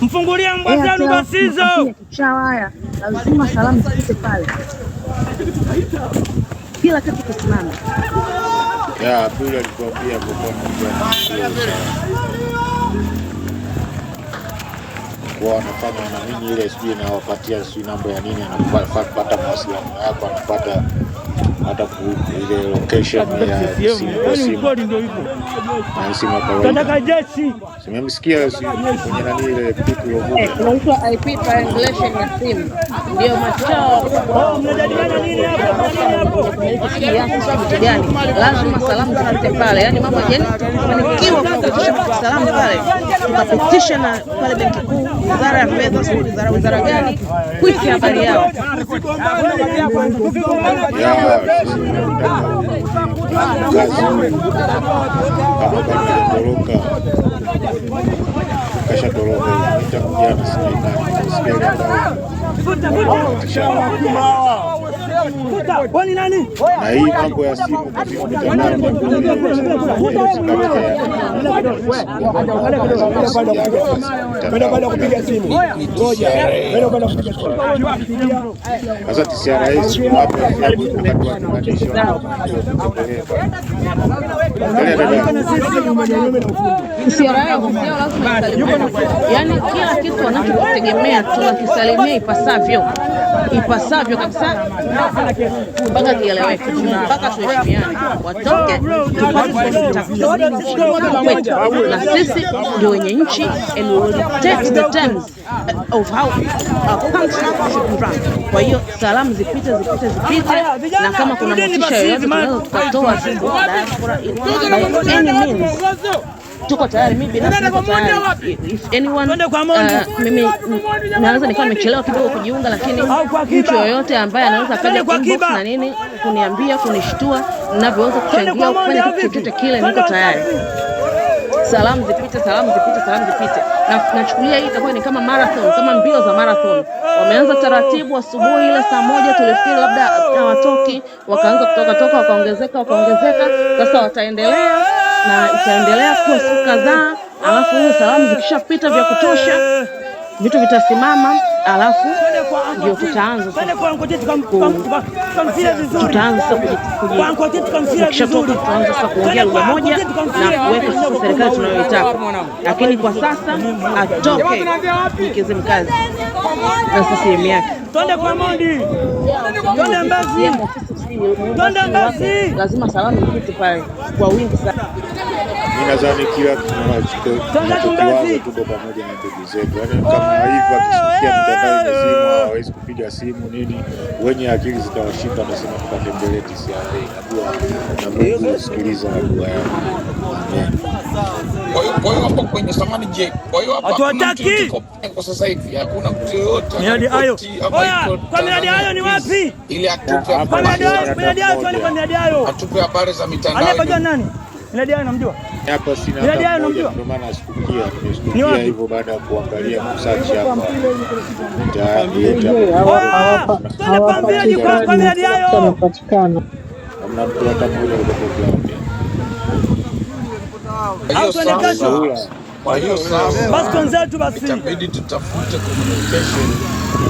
mfungulia mbwa zenu basizo. Haya, lazima salamu zipite pale, kila kitu kisimama. Wanafanya na nini ile, sijui inawapatia sijui namba ya nini, anapata mawasiliano yako anapata hata ile location ya Sima yaani jeshi. Simemsikia kwenye nani ile eh, simu, ndio machao. Oh, lazima salamu zote pale, yani mambo yani, fanikiwa kwa salamu pale wakapitisha na pale benki kuu, wizara ya fedha, sio wizara wizara gani kuiki habari yao kashatoroka na hii mambo ya simu katika mitandao ya sasa TCRA siku hapo wakati watuunganisha yaani kila kitu wanachotegemea tunakisalimia ipasavyo ipasavyo kabisa, mpaka kieleweke, mpaka tuheshimiane, watoke wetu, na sisi ndio wenye nchi, and we will take the terms of how our country should run. Kwa hiyo salamu zipite zipite zipite, na kama kuna motisha yoyote tunaweza tukatoa sisi diaspora tuko tayari. Mimi binafsi niko tayari, if anyone, uh, mimi naweza nikawa nimechelewa kidogo kujiunga, lakini mtu yoyote ambaye anaweza kaja inbox na nini kuniambia, kunishtua, ninavyoweza kuchangia kufanya kitu chochote kile, niko tayari. Salamu zipite, salamu zipite, salamu zipite, na nachukulia hii itakuwa ni kama marathon, kama mbio za marathon. Wameanza taratibu asubuhi ile saa moja tulifikiri labda hawatoki, wakaanza kutoka toka, wakaongezeka wakaongezeka. Sasa wataendelea na itaendelea kuwa siku kadhaa, alafu hizo salamu zikishapita vya kutosha vitu vitasimama, alafu ndio tutaanza tukishatoka, tutaanza sasa kuongea lugha moja na kuweka sasa serikali tunayoitaka. Lakini kwa sasa atoke Mkeze Mkazi na CCM yake, twende kwa Mondi, twende Mbezi ni lazima salamu kitu pale kwa wingi sana. Mimi nadhani kila tukiwaza tuko pamoja na ndugu zetu, yaani kama hivyo akisikia mitandao mizima hawezi kupiga simu nini, wenye akili zitawashinda watasema tukatembelee TCRA. Najua na Mungu usikiliza dua yao kwenye samani je? Kwa hiyo hapa hatuwataki kwa sasa hivi, hakuna mtu yoyote miradi hayo. Oya, kwa miradi hayo ni wapi? Ili atupe habari za miradi hayo, tuone kwa miradi hayo, atupe habari za mitandao. nani miradi hayo? Namjua hapa sina miradi hayo, namjua ndio maana asikukia, tumesikia hivyo baada ya kuangalia msachi hapa kwa miradi hayo, tunapatikana mtu kutoka kwa au tuende kwa hiyo sasa basi wenzetu basi itabidi tutafute communication